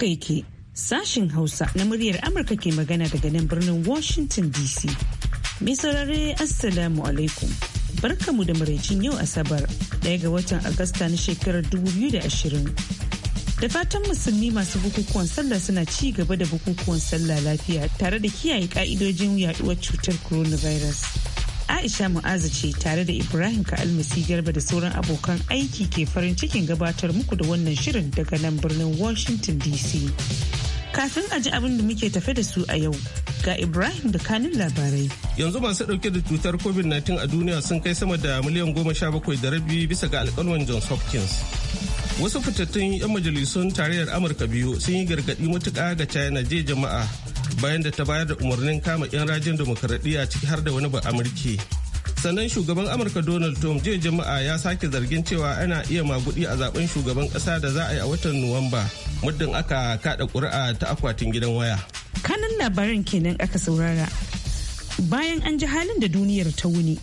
kai ke sashin hausa na muryar amurka ke magana daga nan birnin washington dc mai saurare assalamu alaikum barkamu da maraicin yau asabar daya ga watan agusta na shekarar 2020 da fatan musulmi masu bukukuwan sallah suna ci gaba da bukukuwan sallah lafiya tare da kiyaye ka'idojin yaduwar cutar coronavirus Aisha Mu'azu ce tare da Ibrahim Ka'almasi Garba da sauran abokan aiki ke farin cikin gabatar muku da wannan shirin daga nan birnin Washington DC. Kafin a ji abin da muke tafe da su a yau, ga Ibrahim da kanin labarai. Yanzu masu ɗauke da cutar COVID-19 a duniya sun kai sama da miliyan goma sha bakwai da rabi bisa ga alƙalman Johns Hopkins. Wasu fitattun 'yan majalisun tarayyar Amurka biyu sun yi gargaɗi matuƙa ga China je jama'a bayan da ta bayar da umarnin kama 'yan rajin demokaradiyya ciki har da wani ba amurki sannan shugaban amurka donald trump jiya jama'a ya sake zargin cewa ana iya magudi a zaben shugaban kasa da za a yi a watan nuwamba muddin aka kada kuri'a ta akwatin gidan waya kanan labaran kenan aka saurara bayan an ji halin da duniyar ta wuni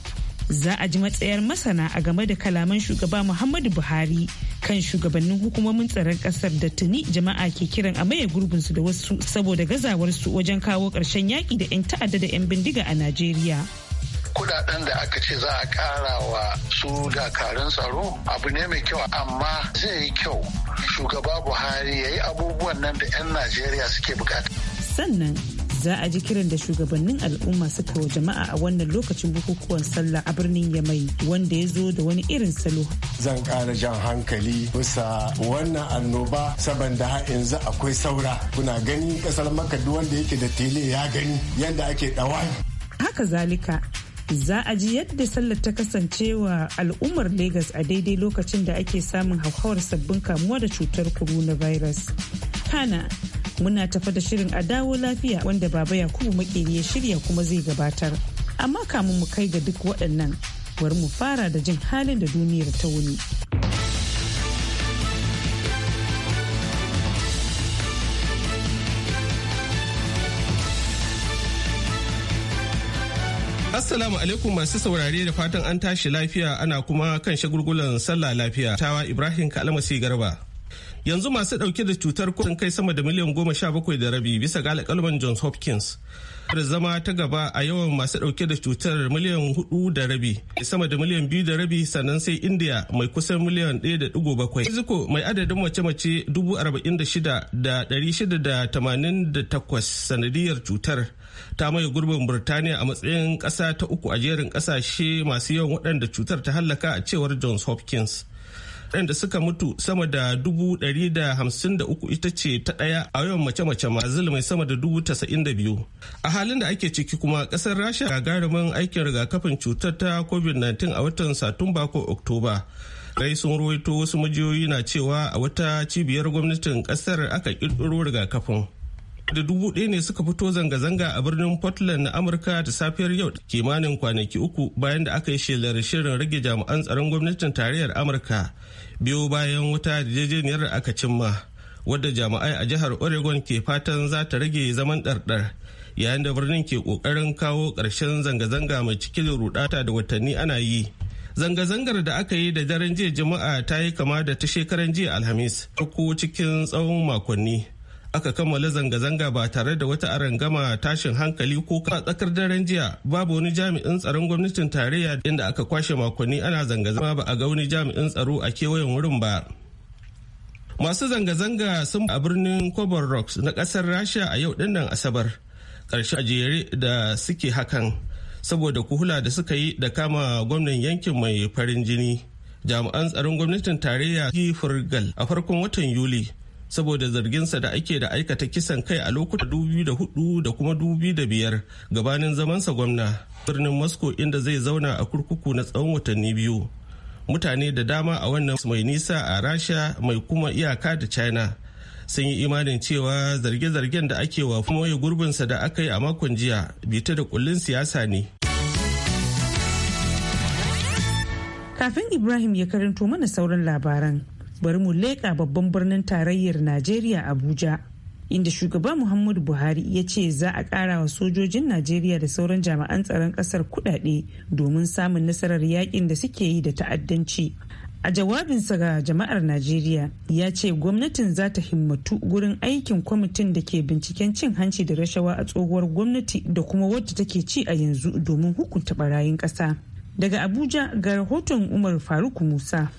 za a ji matsayar masana a game da kalaman shugaba muhammadu buhari kan shugabannin hukumomin tsaron kasar da tuni jama'a ke kiran a maye gurbinsu da wasu saboda gazawarsu wajen kawo ƙarshen yaki da 'yan ta'adda da 'yan bindiga a Najeriya. kudaden da aka ce za a kara wa su dakarun tsaro abu ne mai kyau amma zai yi kyau shugaba buhari ya yi abubuwan nan da 'yan najeriya suke bukata sannan Za a ji kiran da shugabannin al'umma suka wa jama'a a wannan lokacin bukukuwan sallah a birnin Yamai wanda ya zo da wani irin salo. Zan ƙara jan hankali bisa wannan annoba saboda har yanzu akwai saura. Kuna gani kasar Makka wanda yake da tele ya gani yadda ake ɗawa. Haka zalika za a ji yadda sallar ta kasance wa al'ummar lagos a daidai lokacin da ake samun hauhawar sabbin kamuwa da cutar coronavirus. Kana Muna tafa da shirin a dawo lafiya wanda Baba Yakubu Makeri ya shirya kuma zai gabatar. Amma kamun mu kai ga duk waɗannan, bari mu fara da jin halin da duniyar ta wuni. Assalamu alaikum masu saurare da fatan an tashi lafiya ana kuma kan shagulgulan sallah lafiya. Tawa Ibrahim Kalmasi Garba. yanzu masu dauke da cutar sun kai sama da miliyan goma sha bakwai da rabi bisa ga alƙalman johns hopkins da zama ta gaba a yawan masu dauke da cutar miliyan hudu da rabi sama da miliyan biyu da rabi sannan sai india mai kusan miliyan ɗaya da digo bakwai mexico mai adadin mace-mace dubu arba'in da shida da ɗari shida da tamanin da takwas sanadiyar cutar ta maye gurbin burtaniya a matsayin ƙasa ta uku a jerin ƙasashe masu yawan waɗanda cutar ta hallaka a cewar johns hopkins waɗanda suka mutu sama da dubu ɗari da hamsin da uku ita ce ta ɗaya a yawan mace-mace brazil mai sama da dubu tasa'in da biyu a halin da ake ciki kuma ƙasar rasha ga gagarumin aikin rigakafin cutar ta covid-19 a watan satumba ko oktoba kai sun ruwaito wasu majiyoyi na cewa a wata cibiyar gwamnatin ƙasar aka ƙirƙiro rigakafin da dubu ɗaya ne suka fito zanga-zanga a birnin portland na amurka da safiyar yau kimanin kwanaki uku bayan da aka yi shelar shirin rage jami'an tsaron gwamnatin tarayyar amurka biyo bayan wata yarjejeniyar da aka cimma wadda jami'ai a jihar oregon ke fatan za ta rage zaman ɗarɗar yayin da birnin ke ƙoƙarin kawo ƙarshen zanga-zanga mai cikin rudata da watanni ana yi zanga-zangar da aka yi da daren jiya juma'a ta yi kama da ta shekaran jiya alhamis ko cikin tsawon makonni aka kammala zanga-zanga ba tare da wata arangama tashin hankali ko a tsakar daren jiya babu wani jami'in tsaron gwamnatin tarayya inda aka kwashe makonni ana zanga-zanga ba a ga wani jami'in tsaro a kewayen wurin ba masu zanga-zanga sun a birnin kobar rocks na kasar rasha a yau dinnan asabar ƙarshe a jere da suke hakan saboda kuhula da suka yi da kama gwamnan yankin mai farin jini jami'an tsaron gwamnatin tarayya furgal a farkon watan yuli saboda zarginsa da ake da aikata kisan kai a lokuta 2004 da kuma da 2005 gabanin zamansa gwamna birnin moscow inda zai zauna a kurkuku na tsawon watanni biyu mutane da dama a wannan mai nisa a rasha mai kuma iyaka da china sun yi imanin cewa zarge-zargen da ake wa moye gurbinsa da aka yi a makon jiya bita da kullun siyasa ne kafin ibrahim ya karanto mana sauran labaran bari mu leƙa babban birnin tarayyar najeriya abuja inda shugaba muhammadu buhari ya ce za a ƙara wa sojojin najeriya da sauran jami'an tsaron ƙasar kuɗaɗe domin samun nasarar yakin da suke yi da ta'addanci a jawabinsa ga jama'ar najeriya ya ce gwamnatin za ta himmatu gurin aikin kwamitin da ke binciken cin hanci da rashawa a tsohuwar gwamnati da kuma wadda take ci a yanzu domin hukunta barayin ƙasa daga abuja ga rahoton umar faruk musa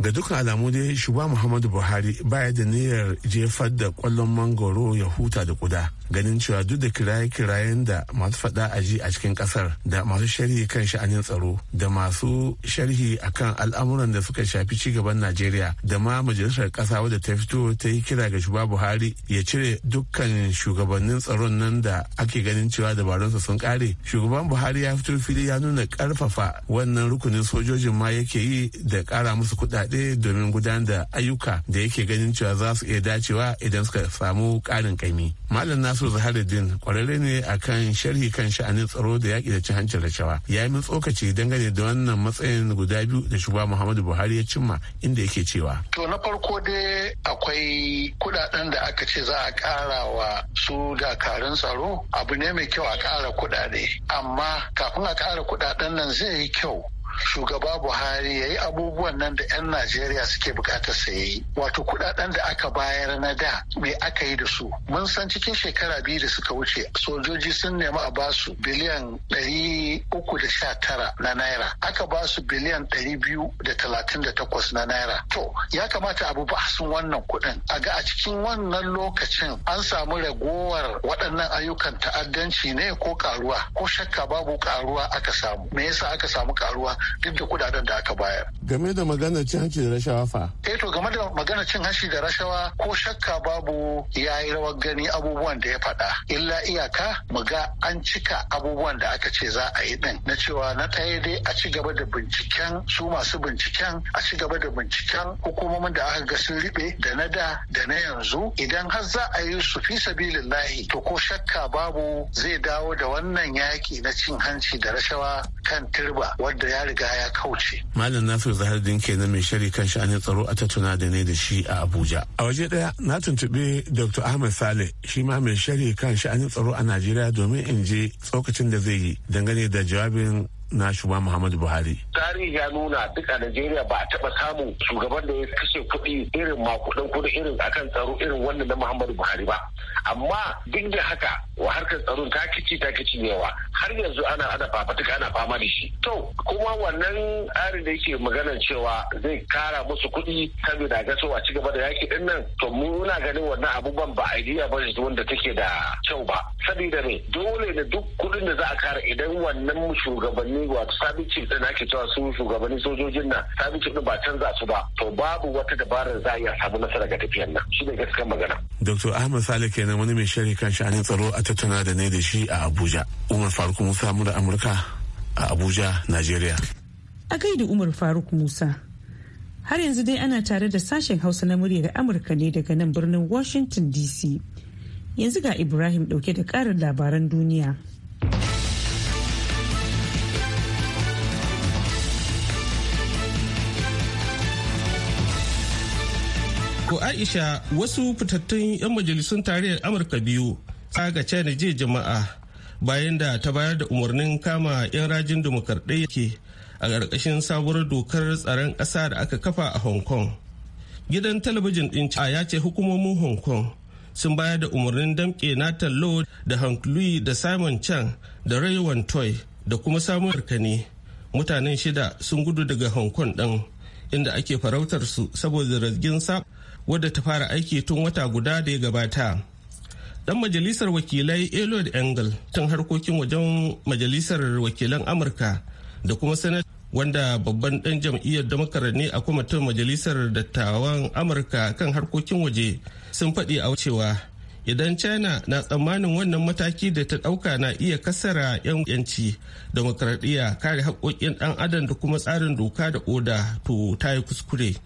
ga dukkan alamu dai shugaba muhammadu buhari baya da niyyar jefar da kwallon mangoro ya huta da kuda ganin cewa duk da kiraye-kirayen da masu faɗa a ji a cikin kasar da masu sharhi kan sha'anin tsaro da masu sharhi akan al'amuran da suka shafi ci gaban Najeriya da ma majalisar kasa wadda ta fito ta yi kira ga shugaba Buhari ya cire dukkan shugabannin tsaron nan da ake ganin cewa dabarunsa sun kare. Shugaban Buhari ya fito fili ya nuna karfafa wannan rukunin sojojin ma yake yi da kara musu kuɗaɗe domin gudanar da ayyuka da yake ganin cewa za su iya dacewa idan suka samu ƙarin kaimi Malam Nasu Yusuf Zaharuddin kwararre ne akan sharhi kan sha'anin tsaro da yaƙi da cin hancin rashawa. Ya yi min tsokaci dangane da wannan matsayin guda biyu da shugaba Muhammadu Buhari ya cimma inda yake cewa. To na farko dai akwai kuɗaɗen da aka ce za a ƙara wa su dakarun tsaro abu ne mai kyau a ƙara kuɗaɗe. Amma kafin a ƙara kuɗaɗen nan zai yi kyau shugaba buhari ya yi abubuwan nan da 'yan najeriya suke bukatar sa yi wato kudaden da aka bayar na da me aka yi da su mun san cikin shekara biyu da suka wuce sojoji sun nemi a basu biliyan 319 na naira aka su biliyan ɗari biyu 238 na naira to ya kamata abu ba sun wannan kudin a ga a cikin wannan lokacin an samu ragowar waɗannan ayyukan ta'addanci ne ko karuwa ko shakka babu karuwa aka samu me yasa aka samu karuwa duk da kudaden da aka bayar. Game da maganar cin hanci da rashawa fa? Eh to game da maganar cin hanci da rashawa ko shakka babu ya yi rawar gani abubuwan da ya faɗa. Illa iyaka mu ga an cika abubuwan da aka ce za a yi din na cewa na ɗaya dai a ci gaba da binciken su masu binciken a ci gaba da binciken hukumomin da aka ga sun riɓe da na da da na yanzu idan har za a yi su fi sabilillahi to ko shakka babu zai dawo da wannan yaki na cin hanci da rashawa kan turba wadda ya riga ya kauce. Malam Nasiru Zahardin kenan mai shari kan sha'anin tsaro a tattuna da ne da shi a Abuja. A waje ɗaya na tuntuɓi Dr. Ahmed Saleh shi ma mai shari kan sha'anin tsaro a Najeriya domin in je tsokacin da zai yi dangane da jawabin na shugaba Muhammadu Buhari. Tarihi ya nuna duk a Najeriya ba a taɓa samun shugaban da ya kashe kuɗi irin makudan kuɗi irin akan tsaro irin wannan na Muhammadu Buhari ba. Amma duk da haka wa harkar tsaron ta kici ta kici yawa har yanzu ana ana fafatuka ana fama da shi to kuma wannan tsarin da yake maganar cewa zai kara musu kuɗi saboda ga so a ci gaba da yaki din nan to muna ganin wannan abubuwan ba idea ba wanda take da kyau ba saboda ne dole ne duk kuɗin da za a kara idan wannan shugabanni wato sabin din ake cewa su shugabanni sojojin nan sabin chief din ba canza su ba to babu wata dabarar za a iya samu nasara ga tafiyar nan shi ne gaskiyar magana. Dr. Ahmad salih kenan wani mai sharhi kan sha'anin tsaro a tattauna da ne da shi a Abuja. Umar Faruk Musa da Amurka a Abuja, Najeriya. A da Umar Faruk Musa. Har yanzu dai ana tare da sashen Hausa na murya da Amurka ne daga nan birnin Washington DC. Yanzu ga Ibrahim dauke da karin labaran duniya. Ko Aisha wasu fitattun 'yan majalisun tarayyar Amurka biyu tsaga china jiya jama'a bayan da ta bayar da umarnin kama 'yan rajin dimokuraɗiyya ke a ƙarƙashin sabuwar dokar tsaron ƙasa da aka kafa a hong kong gidan talabijin ɗin a ya ce hukumomin hong kong sun bayar da umarnin damƙe nathan law da hank louis da simon chang da ray toy da kuma samun harkani mutanen shida sun gudu daga hong kong ɗin inda ake farautar su saboda rasgin sa wadda ta fara aiki tun wata guda da ya gabata dan majalisar wakilai Eliot Engel tun harkokin wajen majalisar wakilan Amurka da kuma sanar wanda babban dan jam'iyyar damakar ne a kwamitin majalisar dattawan Amurka kan harkokin waje sun faɗi a cewa idan China na tsammanin wannan mataki da ta ɗauka na iya kasara 'yan yanci demokradiyya kare haƙoƙin ɗan adam da kuma tsarin doka da oda to ta yi kuskure.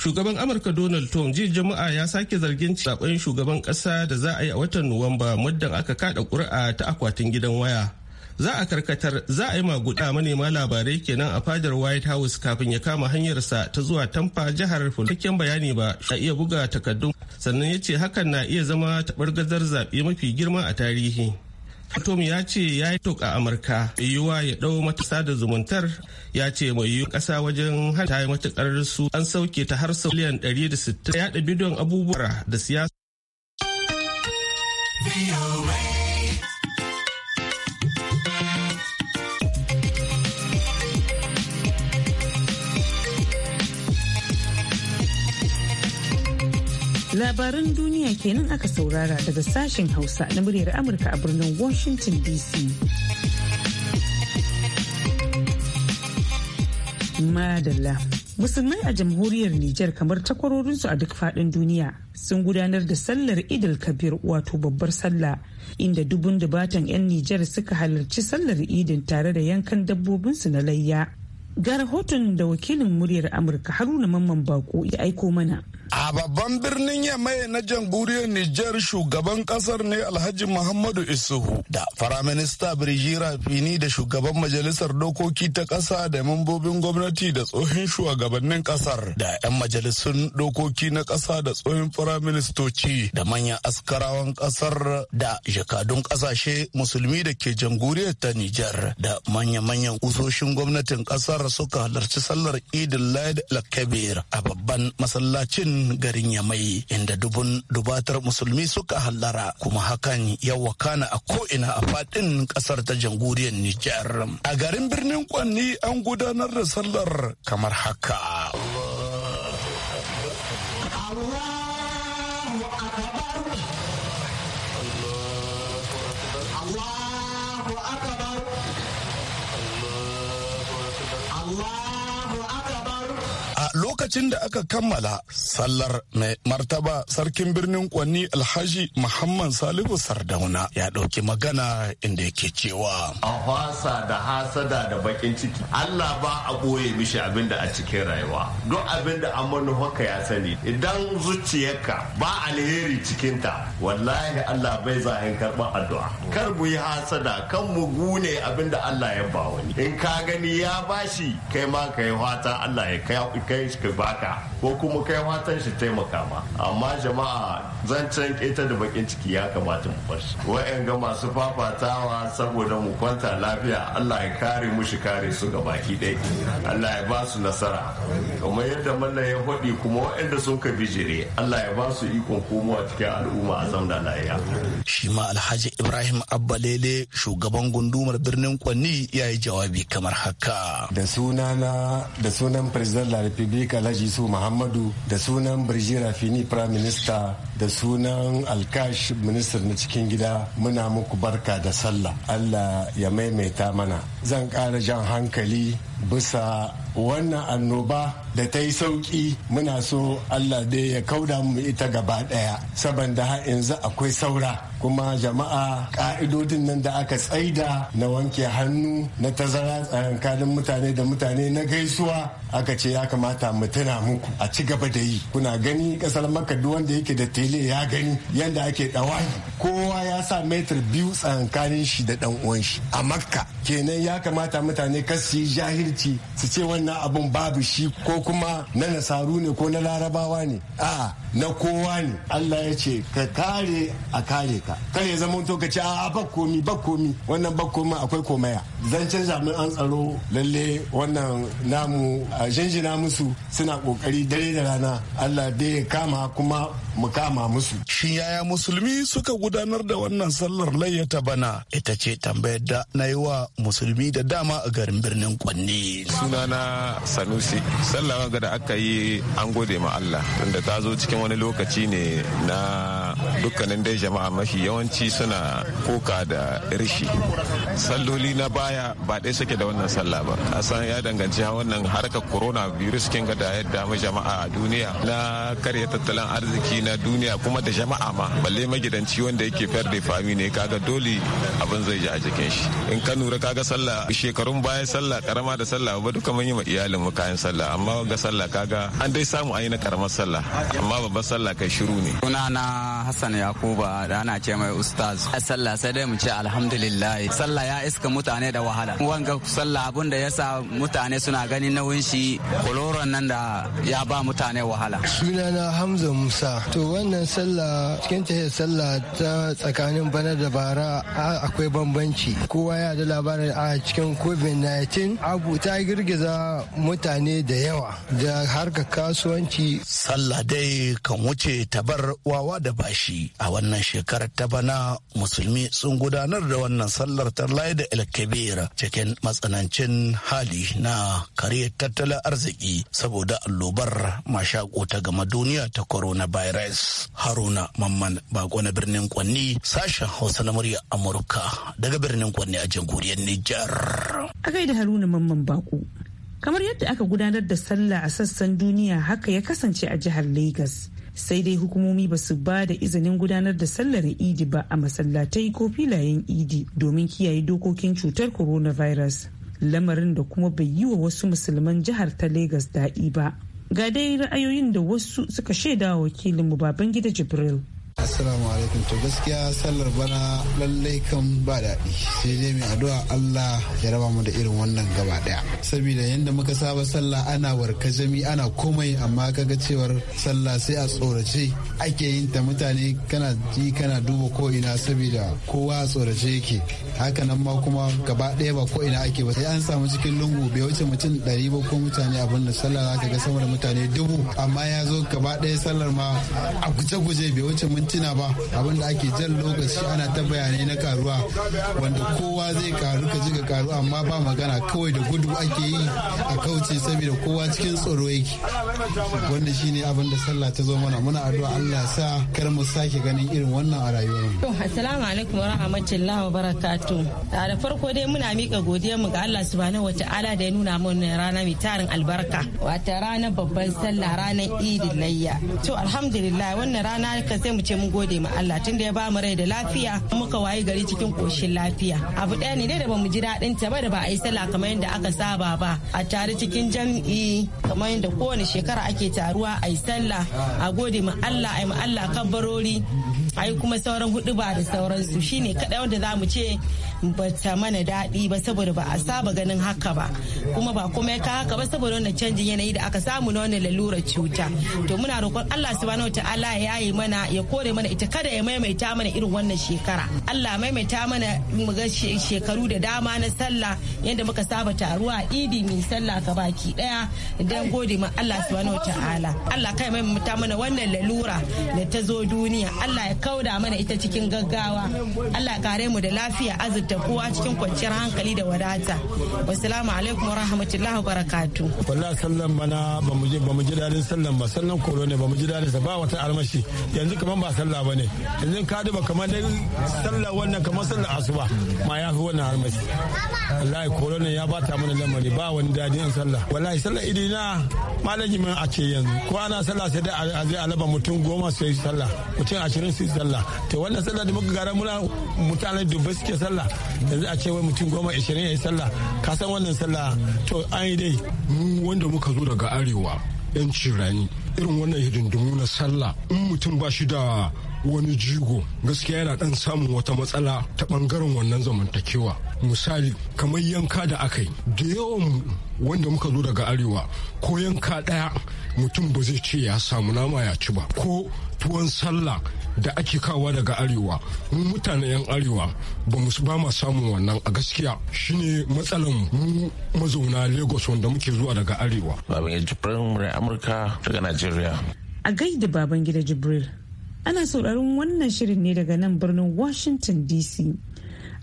shugaban amurka donald trump jiya jama'a ya sake zargin zaben shugaban kasa da za a yi a watan nuwamba muddin aka kada ƙuri'a ta akwatin gidan waya za a karkatar za a yi maguda manema labarai kenan a fadar white house kafin ya kama hanyarsa ta zuwa tampa jihar cikakken bayani ba a iya buga takaddun sannan ya ce hakan na iya zama taɓar gazar zaɓe mafi girma a tarihi atom ya ce ya yi tok a Amurka, yiwuwa ya ɗau matasa da zumuntar ya ce mai yiwu ƙasa wajen hanta ya matuƙar su an sauke ta har sau miliyan 160 yaɗa don abubuwa da siyasa. Labaran duniya kenan aka saurara daga sashen Hausa na muryar Amurka a birnin Washington DC. Madalla. Musulmai a jamhuriyar Nijar kamar takwarorinsu a duk fadin duniya sun gudanar da sallar Idil Kabir wato babbar sallah inda dubun dubatan 'yan Nijar suka halarci sallar idin tare da yankan dabbobinsu na layya. Ga rahoton da wakilin muryar Amurka Haruna Mamman Bako ya aiko mana. A babban birnin Yamai na jamhuriyar Nijar shugaban kasar ne Alhaji Muhammadu Isuhu da Firaminista Birjira Fini da shugaban majalisar dokoki ta ƙasa da mambobin gwamnati da tsohon shugabannin ƙasar da 'yan majalisun dokoki na ƙasa da tsohon firaministoci da manyan askarawan ƙasar da jakadun ƙasashe musulmi da ke jamhuriyar ta Nijar da manya-manyan usoshin gwamnatin ƙasar suka halarci sallar Idil Laid Lakabir a babban masallacin babban garin Yamai inda dubun dubatar musulmi suka hallara kuma hakan ya wakana a ko'ina a faɗin kasar ta jamhuriyar Nijar. A garin birnin Kwanni an gudanar da sallar kamar haka. lokacin da aka kammala sallar mai martaba sarkin birnin kwanni alhaji muhammad salihu sardauna ya ɗauki magana inda yake cewa a hasa da hasada da bakin ciki allah ba a ɓoye mishi abin da a cikin rayuwa duk abin da an haka ya sani idan zuciyarka ba alheri cikinta wallahi allah bai zahin karɓar addu'a kar mu yi hasada kan mu gune abin da allah ya ba wani in ka gani ya bashi kai ma ka yi fata allah ya kai ka. baka ko kuma kai watan shi taimaka ma amma jama'a zancen keta da bakin ciki ya kamata mu bar shi ga masu fafatawa saboda mu kwanta lafiya Allah ya kare mu shi kare su ga baki ɗaya Allah ya ba su nasara kamar yadda mallan ya faɗi kuma waɗanda sun ka bijire Allah ya ba su ikon komowa cikin al'umma a zamna lafiya shi ma Alhaji Ibrahim Abbalele shugaban gundumar birnin Kwanni ya yi jawabi kamar haka da sunana da sunan president la republica alhaji su muhammadu da sunan birjira fini prime minister da sunan alkash minister na cikin gida muna muku barka da sallah allah ya maimaita mana zan ƙara jan hankali bisa wannan annoba da ta yi sauki muna so allah dai ya kauda mu ita gaba daya saboda har yanzu akwai saura kuma jama'a ka'idodin nan da aka tsaida na wanke hannu na tazara tsakankanin mutane da mutane na gaisuwa aka ce ya kamata mu tuna muku a ci gaba da yi kuna gani kasar maka wanda yake da tele ya gani yanda ake dawai kowa ya sa metar biyu tsakankanin shi da dan uwan shi a makka kenan ya kamata mutane kasu yi jahil jahilci su ce wannan abun babu shi ko kuma na nasaru ne ko na larabawa ne a na kowa ne Allah ya ce ka kare a kare ka kar ya zama to ka ce a bakkomi bakkomi wannan bakkomi akwai komaya zancen an tsaro lalle wannan namu a jinjina musu suna kokari dare da rana Allah dai ya kama kuma mu kama musu. Shi yaya musulmi suka gudanar da wannan sallar layyata bana ita ce tambayar da na yi wa musulmi da dama a garin birnin Kwanne. Sunana Sanusi, sallah ga da aka yi an gode ma Allah, tunda ta zo cikin wani lokaci ne na dukkanin dai jama'a mafi yawanci suna koka da rishi salloli na baya ba ɗaya suke da wannan sallah ba san ya danganci wannan harkar virus kin ga da yadda mu jama'a a duniya na karya tattalin arziki na duniya kuma da jama'a ma balle magidanci wanda yake fiyar da fami ne kaga dole abin zai ji a jikin shi in ka nura kaga sallah shekarun baya sallah karama da sallah ba duka mun yi ma iyalin mu kayan salla amma ga sallah kaga an dai samu ayi na karamar sallah amma babbar sallah kai shiru ne sunana Hassan Yakuba da ana ce mai ustaz. A sallah sai dai mu ce alhamdulillah. Sallah ya iska mutane da wahala. Wanga sallah abun da yasa mutane suna ganin nauyin shi koloron nan da ya ba mutane wahala. Sunana Hamza Musa. To wannan sallah cikin ta sallah ta tsakanin bana da bara akwai bambanci. Kowa ya da labarin a cikin COVID-19 abu ta girgiza mutane da yawa da harkar kasuwanci. Sallah dai kan wuce tabar wawa da baya. shi a wannan shekarar ta bana musulmi sun gudanar da wannan sallar tarlaye da alkabir cikin matsanancin hali na kare tattalin arziki saboda allobar mashako ta gama duniya ta coronavirus haruna mamman bako na birnin kwanni sashen hausa na murya amurka daga birnin kwanni a jamhuriyar nijar haruna mamman kamar yadda aka gudanar da sallah a sassan duniya haka ya kasance a jihar Legas sai dai hukumomi ba su ba da izinin gudanar da sallar idi ba a masallatai ko filayen idi domin kiyaye dokokin cutar coronavirus lamarin da kuma bai yi wa wasu musulman jihar ta Legas daɗi ba. Ga dai ra'ayoyin da wasu suka shaida wa wakilinmu gida Jibril. Assalamu alaikum to gaskiya sallar bana lallai kan ba daɗi sai dai mai addu'a Allah ya raba mu da irin wannan gaba daya. Saboda yanda muka saba sallah ana warka jami ana komai amma kaga cewar sallah sai a tsorace ake yin ta mutane kana ji kana duba ko ina saboda kowa a tsorace yake. Hakanan ma kuma gaba daya ba ko ina ake ba sai an samu cikin lungu bai wuce mutum ɗari ba ko mutane abin da sallah za ka ga sama da mutane dubu amma ya zo gaba daya sallar ma a guje-guje bai wuce minti mintuna ba abin da ake jan lokaci ana ta bayanai na karuwa wanda kowa zai karu ka ji ka karu amma ba magana kawai da gudu ake yi a kauce saboda kowa cikin tsoro yake wanda shine abin da sallah ta zo mana muna addu'a Allah sa kar mu sake ganin irin wannan a rayuwar mu assalamu alaikum wa rahmatullahi wa barakatuh da farko dai muna mika godiya mu ga Allah subhanahu wataala da ya nuna mana rana mai tarin albarka wata rana babban sallah ranar idin layya to alhamdulillah wannan rana ka sai mu ce mun gode ma Allah da ya ba mu rai da lafiya muka wayi gari cikin koshin lafiya abu ɗaya ne da mu ji daɗin ta ba da ba a yi sallah kamar yadda aka saba ba a tare cikin jam'i kamar yadda kowane shekara ake taruwa a yi sallah a gode ma Allah a yi ma Allah kabbarori a yi kuma sauran hudu ba da sauransu shine kaɗai wanda za mu ce bata mana daɗi ba saboda ba a saba ganin haka ba kuma ba kuma ka haka ba saboda wannan canjin yanayi da aka samu na wannan lalurar cuta to muna roƙon Allah subhanahu wataala ya yi mana ya kore mana ita kada ya maimaita mana irin wannan shekara Allah maimaita mana mu ga shekaru da dama na sallah yadda muka saba taruwa idi mai sallah ka baki ɗaya dan gode ma Allah subhanahu wataala Allah kai maimaita mana wannan lalura da ta zo duniya Allah ya kauda mana ita cikin gaggawa Allah kare mu da lafiya azu da kowa cikin kwanciyar hankali da wadata wasalamu alaikum wa rahmatullahi wa barakatu wallahi sallan bana ba mu ji dadin sallan ba sallan koro ne ba mu ji dadin sa ba wata armashi yanzu kaman ba sallah bane yanzu ka duba kaman dai sallah wannan kaman sallah asuba ma ya fi wannan armashi wallahi koro ne ya bata mana lamari ba wani dadin sallah wallahi sallah idina mun a ake yanzu ko ana sallah sai da a zai alaba mutum goma sai sallah mutum ashirin sai sallah to wannan sallah da muka gara muna mutane dubbai suke sallah yanzu a ce wai mutum goma ishirin ya yi sallah ka san wannan sallah to an yi dai mu wanda muka zo daga arewa yancin rani irin wannan hidindimu na sallah in mutum ba shi da wani jigo gaskiya yana dan samun wata matsala ta bangaren wannan zamantakewa misali kamar yanka da aka yi da yawan wanda muka zo daga arewa ko yanka daya mutum ba zai ce ya samu nama ya ci ba ko tuwon sallah da ake kawa daga arewa mu mutane yan arewa ba mu ba ma samun wannan a gaskiya shine matsalan mu mazauna lagos wanda muke zuwa daga arewa baban ya amurka daga nigeria a gaida baban gida jibril ana sauraron wannan shirin ne daga nan birnin washington dc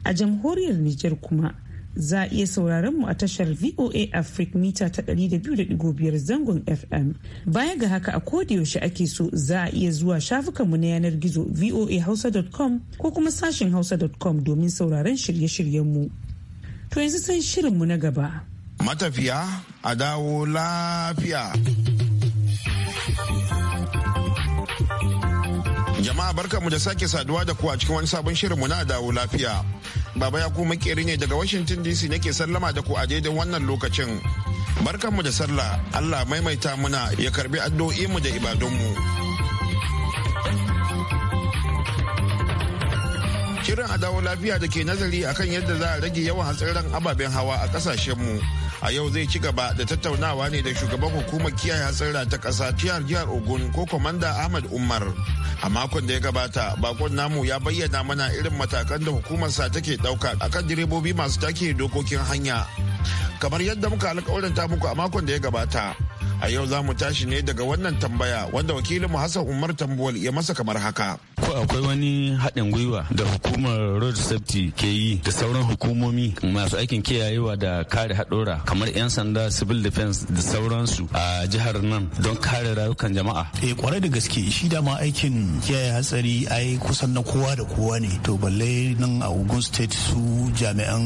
a jamhuriyar niger kuma za a iya sauraron mu a tashar VOA Africa mita ta 200.5 zangon FM. Baya ga haka a yaushe ake so za a iya zuwa shafukanmu na yanar gizo voahausa.com ko kuma sashin hausa.com domin sauraron shirye shiryen mu To yanzu shirin mu na gaba. Matafiya a dawo lafiya. Jama'a barkanmu da sake saduwa da kuwa cikin wani sabon mu na dawo lafiya. Baba ya kuma makeri ne daga Washington DC nake sallama da ku a daidai wannan lokacin. Barkanmu da sallah, Allah maimaita muna ya karbi addu'o'i mu da ibadunmu. Shirin a dawo lafiya da ke nazari akan yadda za a rage yawan hatsarin ababen hawa a kasashenmu. mu. a yau zai ci gaba da tattaunawa ne da shugaban hukumar kiyaye hatsara ta ƙasa jihar jihar ogun ko kwamanda ahmad umar a makon da ya gabata bakon namu ya bayyana mana irin matakan da hukumarsa take ɗauka akan direbobi masu take dokokin hanya kamar yadda muka ta muku a makon da ya gabata A yau za mu tashi ne daga wannan tambaya wanda wakilin mu Hassan Umar Tambuwal ya masa kamar haka. Ko akwai wani haɗin gwiwa da hukumar road safety ke yi da sauran hukumomi masu aikin kiyayewa da kare haɗora kamar 'yan sanda civil defense da sauransu a jihar nan don kare rayukan jama'a. Eh kwarai da gaske shi dama aikin kiyaye hatsari ai kusan na kowa da kowa ne to balle nan a Ogun state su jami'an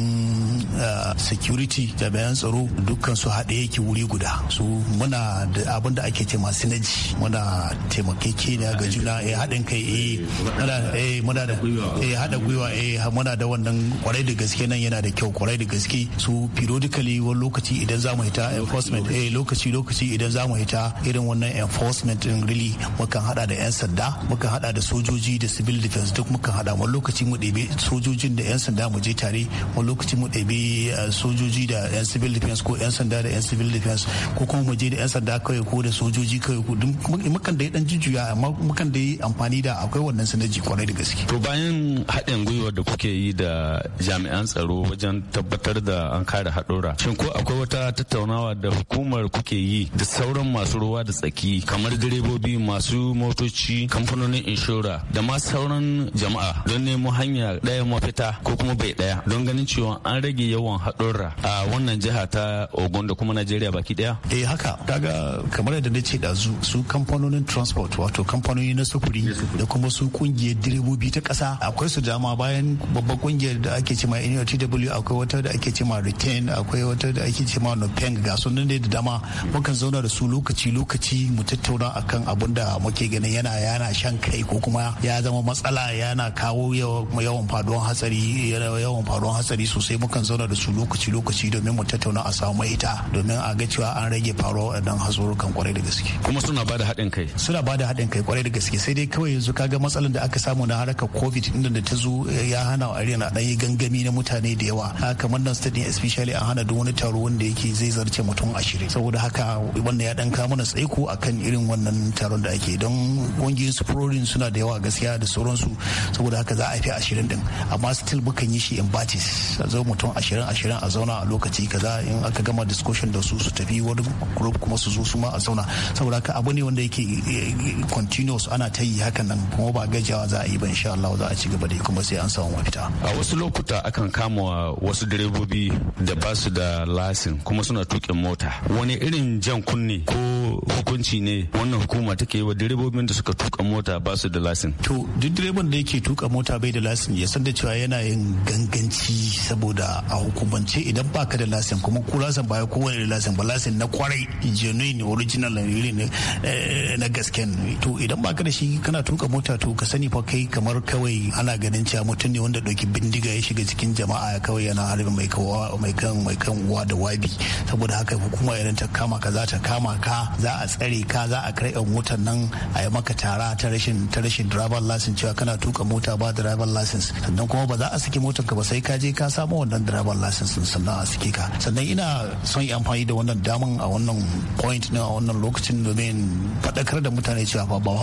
ah, security jami'an tsaro dukkan su haɗe yake wuri guda su muna muna da abin da ake ce ma sinaji muna taimakekeniya ga juna eh haɗin kai eh, eh muna da eh haɗa gwiwa eh muna da wannan kwarai da gaske nan yana da kyau kwarai da gaske su periodically wani lokaci idan za mu hita enforcement eh lokaci lokaci idan za mu hita irin wannan enforcement in really mukan hada da yan sanda mukan hada da sojoji da civil defense duk mukan hada wani lokaci mu ɗebe sojojin da yan sanda mu je tare wani lokaci mu ɗebe eh, sojoji da yan civil defense ko yan sanda da yan civil defense ko kuma mu je da yan sanda kawai ko da sojoji kawai ko mukan da ya dan jujjuya amma mukan da yi amfani da akwai wannan sanaji kwarai da gaske. To bayan haɗin gwiwar da kuke yi da jami'an tsaro wajen tabbatar da an kare haɗura. Shin ko akwai wata tattaunawa da hukumar kuke yi da sauran masu ruwa da tsaki kamar direbobi masu motoci kamfanonin inshora da ma sauran jama'a don nemo hanya ɗaya mafita ko kuma bai ɗaya don ganin cewa an rage yawan haɗura a wannan jiha ta Ogun da kuma Najeriya baki ɗaya? Eh haka ga kamar yadda na ce da su kamfanonin transport wato kamfanoni na sufuri da kuma su kungiyar direbobi ta kasa akwai su dama bayan babban kungiyar da ake cema NUTW e akwai wata da ake cema retain akwai wata da ake cema nopeng ga ne da dama mukan zauna da su lokaci lokaci mu tattauna akan abun da muke ganin yana yana shan kai ko kuma ya zama matsala yana kawo yawan faduwan hatsari yawan faruwan hatsari sosai mukan zauna da su lokaci lokaci domin mu tattauna a samu ita domin a ga cewa an rage faruwa waɗannan hatsorokan kwarai da gaske kuma suna bada haɗin kai suna bada haɗin kai kwarai da gaske sai dai kawai yanzu kaga matsalar da aka samu na harkar covid inda da ta zo eh, ya hana a arena ɗan yi gangami na mutane da yawa ah, kamar nan stadium especially an hana duk wani taro wanda yake zai zarce mutum ashirin saboda haka wannan ya ɗan kawo mana tsaiko kan irin wannan taron da ake don ƙungiyoyin sufurorin suna da yawa gaskiya da sauransu saboda haka za a fi ashirin din amma still mukan yi shi in batis a zo mutum ashirin ashirin a zauna a lokaci kaza in aka gama discussion da su su tafi wani group kuma su zo su ma a zauna saboda haka abu ne wanda yake eh, continuous ana ta yi hakan nan kuma ba gajiyawa za a yi ba insha Allah za a ci gaba da kuma sai an samu mafita a wasu lokuta akan kama wasu direbobi da ba su da lasin kuma suna tukin mota wani irin jan kunne ko hukunci ne wannan hukuma take yi wa direbobin da suka tuka mota ba su da lasin. To duk direban da yake tuka mota bai da lasin ya san da cewa yana yin ganganci saboda a hukumance idan ba ka da lasin kuma ko lasin ba kowane da lasin ba lasin na kwarai genuine original ne eh, na gasken to idan ba ka da shi kana tuka mota to ka sani fa kai kamar kawai ana ganin cewa mutum ne wanda dauki bindiga ya shiga cikin jama'a kawai yana harbi mai kawa kan mai kan uwa da wabi saboda haka hukuma idan ta kama ka za ta kama ka za a tsare ka za a yan motar nan a yi maka tara ta rashin ta rashin driver license cewa kana tuka mota ba driver license sannan kuma ba za a saki motar ka ba sai ka je ka samu wannan driver license sannan a saki ka sannan ina son yi amfani da wannan daman a wannan point ne a wannan lokacin domin faɗakar da mutane cewa ba ba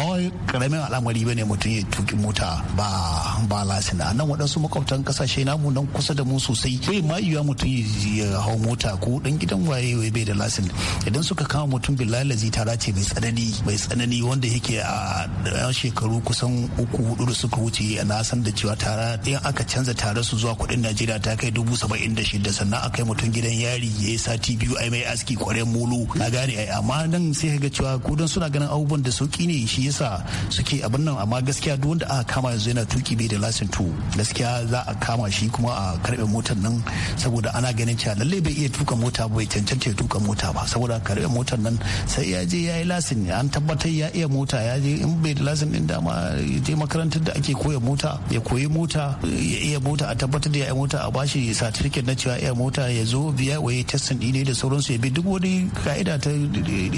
karamin al'amari bane mutum ya tuki mota ba ba lasin a nan waɗansu makwabtan kasashe namu nan kusa da mu sosai bai ma iya mutum ya hau mota ko dan gidan waye bai da lasin idan suka kama mutum bilal allazi tara ce mai tsanani mai tsanani wanda yake a ɗan shekaru kusan uku hudu da suka wuce na san da cewa tara in aka canza tare su zuwa kuɗin najeriya ta kai dubu saba'in da shida sannan aka yi mutum gidan yari ya yi sati biyu ai mai aski kwarai mulu na gane ai amma nan sai ga cewa ko don suna ganin abubuwan da sauki ne shi yasa suke abin nan amma gaskiya duk wanda aka kama yanzu yana tuki bai da lasin tu gaskiya za a kama shi kuma a karɓe motar nan saboda ana ganin cewa lallai bai iya tuka mota bai cancanta ya tuka mota ba saboda karɓe motar nan sai ya je ya yi lasin an tabbatar ya iya mota ya je in bai lasin din dama ya je makarantar da ake koya mota ya koyi mota ya iya mota a tabbatar da ya iya mota a bashi certificate na cewa iya mota ya zo biya waye testin ne da sauransu ya bi duk wani ka'ida ta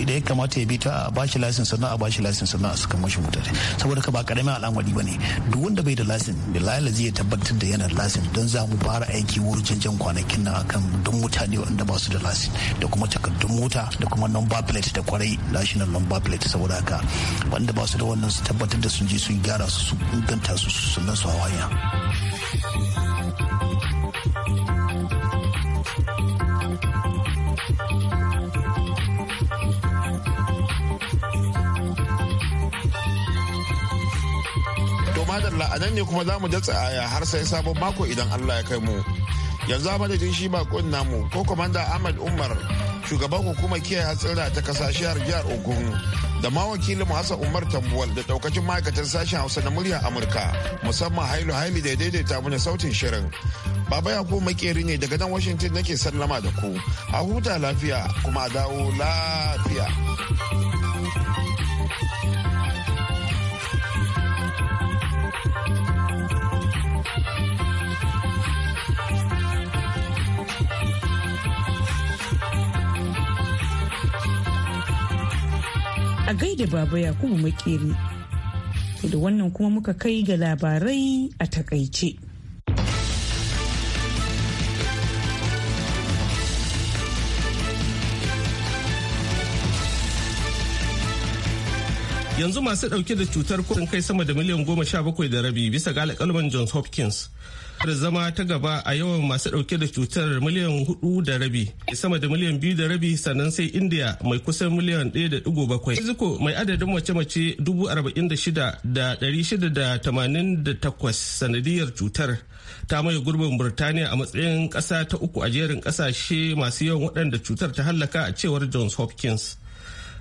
da ya kamata ya bi ta a bashi lasin sannan a bashi lasin sannan a suka mashi mota saboda ka ba karamin al'amari ba ne duk wanda bai da lasin da zai tabbatar da yana lasin don za mu fara aiki wurin canjan kwanakin nan akan duk mutane wanda ba su da lasin da kuma takardun mota da kuma number plate da kwarai national number plate saboda haka wanda ba su da wannan su tabbatar da sun je sun gyara su su inganta su sannan su hawaya. a nan ne kuma za mu datsa aya har sai sabon mako idan Allah ya kai mu. Yanzu a madadin shi bakon namu ko kwamanda Ahmad Umar shugaban hukumar kiyaye hatsira ta kasa shiyar jihar ogun da ma wakilin hassan umar tambuwal da daukacin ma'aikatan sashen hausa na muryar amurka musamman hailu haili da daidaita mana sautin shirin baba ya makeri ne daga nan washington nake sallama da ku a huta lafiya kuma a dawo lafiya a gaida baba yakubu makeri da wannan kuma muka kai ga labarai a takaice. yanzu masu dauke da cutar kun kai sama da miliyan goma sha bakwai da rabi bisa ga alƙalman johns hopkins da zama ta gaba a yawan masu dauke da cutar miliyan hudu da rabi sama da miliyan biyu da rabi sannan sai india mai kusan miliyan ɗaya da ɗigo bakwai mexico mai adadin mace-mace dubu arba'in da shida da ɗari shida da tamanin da takwas sanadiyar cutar ta maye gurbin birtaniya a matsayin ƙasa ta uku a jerin ƙasashe masu yawan waɗanda cutar ta hallaka a cewar johns hopkins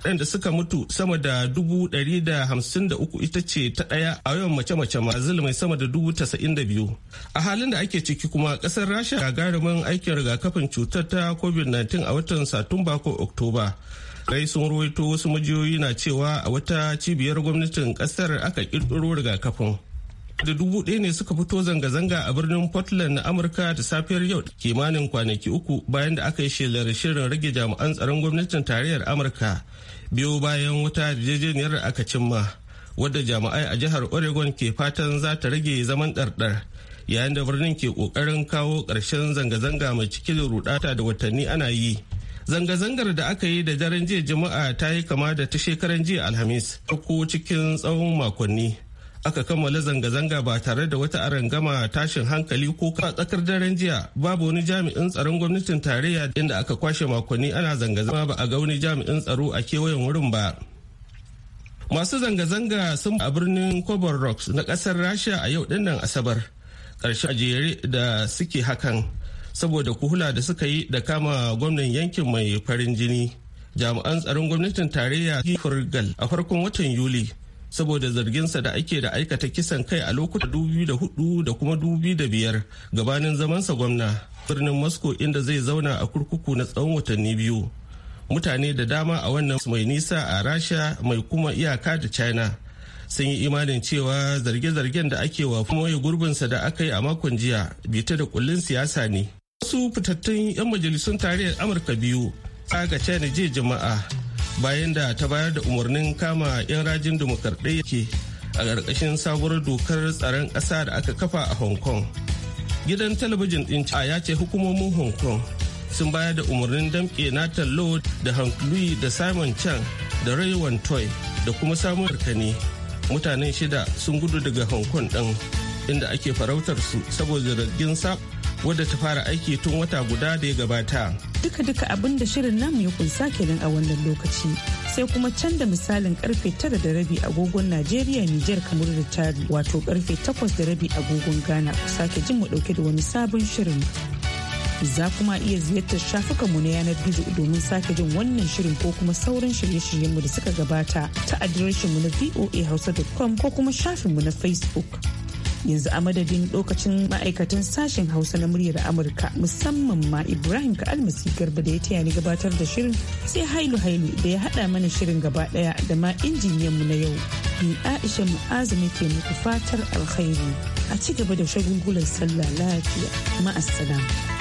waɗanda suka mutu sama da dubu ɗari da hamsin da uku ita ce ta ɗaya a yawan mace-mace mazil mai sama da dubu tasa'in da biyu a halin da ake ciki kuma ƙasar rasha ga gagarumin aikin rigakafin cutar ta covid-19 a watan satumba ko oktoba kai sun ruwaito wasu majiyoyi na cewa a wata cibiyar gwamnatin ƙasar aka ƙirƙiro rigakafin da dubu ɗaya ne suka fito zanga-zanga a birnin portland na amurka da safiyar yau kimanin kwanaki uku bayan da aka yi shelar shirin rage jami'an tsaron gwamnatin tarayyar amurka biyo bayan wata yarjejeniyar aka cimma wadda jami'ai a jihar oregon ke fatan za ta rage zaman ɗarɗar yayin da birnin ke kokarin kawo ƙarshen zanga-zanga mai cike da rudata da watanni ana yi zanga-zangar da aka yi da daren jiya juma'a ta yi kama da ta shekaran jiya alhamis farko cikin tsawon makonni aka kammala zanga-zanga ba tare da wata arangama tashin hankali ko a tsakar daren jiya babu wani jami'in tsaron gwamnatin tarayya inda aka kwashe makonni ana zanga-zanga ba a ga wani jami'in tsaro a kewayen wurin ba masu zanga-zanga sun a birnin kobar rocks na kasar rasha a yau dinnan asabar ƙarshe a jere da suke hakan saboda kuhula da suka yi da kama gwamnan yankin mai farin jini jami'an tsaron gwamnatin tarayya a farkon watan yuli saboda zarginsa da ake da aikata kisan kai a lokuta 2004 da kuma da 2005 gabanin zamansa gwamna birnin moscow inda zai zauna a kurkuku na tsawon watanni biyu mutane da dama a wannan mai nisa a rasha mai kuma iyaka da china sun yi imanin cewa zarge-zargen da ake wa moye gurbinsa da aka yi a makon jiya bita da kullun siyasa ne wasu fitattun 'yan majalisun tarayyar amurka biyu tsaga china jiya jama'a bayan da ta bayar da umarnin kama 'yan rajin dimokuraɗiyya ke a ƙarƙashin sabuwar dokar tsaron ƙasa da aka kafa a hong kong gidan talabijin ɗin a ya ce hukumomin hong kong sun bayar da umarnin damƙe na lo da hank lui da simon chang da ray toy da kuma samun kane Mutanen shida sun gudu daga hong kong ɗin inda ake farautar su saboda zargin sab wadda ta fara aiki tun wata guda da ya gabata. Duka-duka abin da shirin namu ya kunsa kenan a wannan lokaci sai kuma can misalin karfe tara da rabi agogon Najeriya Nijar kamar da tari wato karfe takwas da rabi agogon Ghana ku sake jin mu dauke da wani sabon shirin. Za kuma iya ziyartar shafukanmu na yanar gizo domin sake jin wannan shirin ko kuma sauran shirye-shiryenmu da suka gabata ta adireshinmu na voa voahausa.com ko kuma shafinmu na Facebook. yanzu a madadin lokacin ma'aikatan sashen hausa na muryar amurka musamman ma ibrahim ka almasi garba da ya taya ni gabatar da shirin sai hailu hailu da ya hada mana shirin gaba daya da ma injiniyan mu na yau ni aisha mu'azu ke muku fatar alkhairi a ci gaba da shagulgulan sallah lafiya ma'assalam.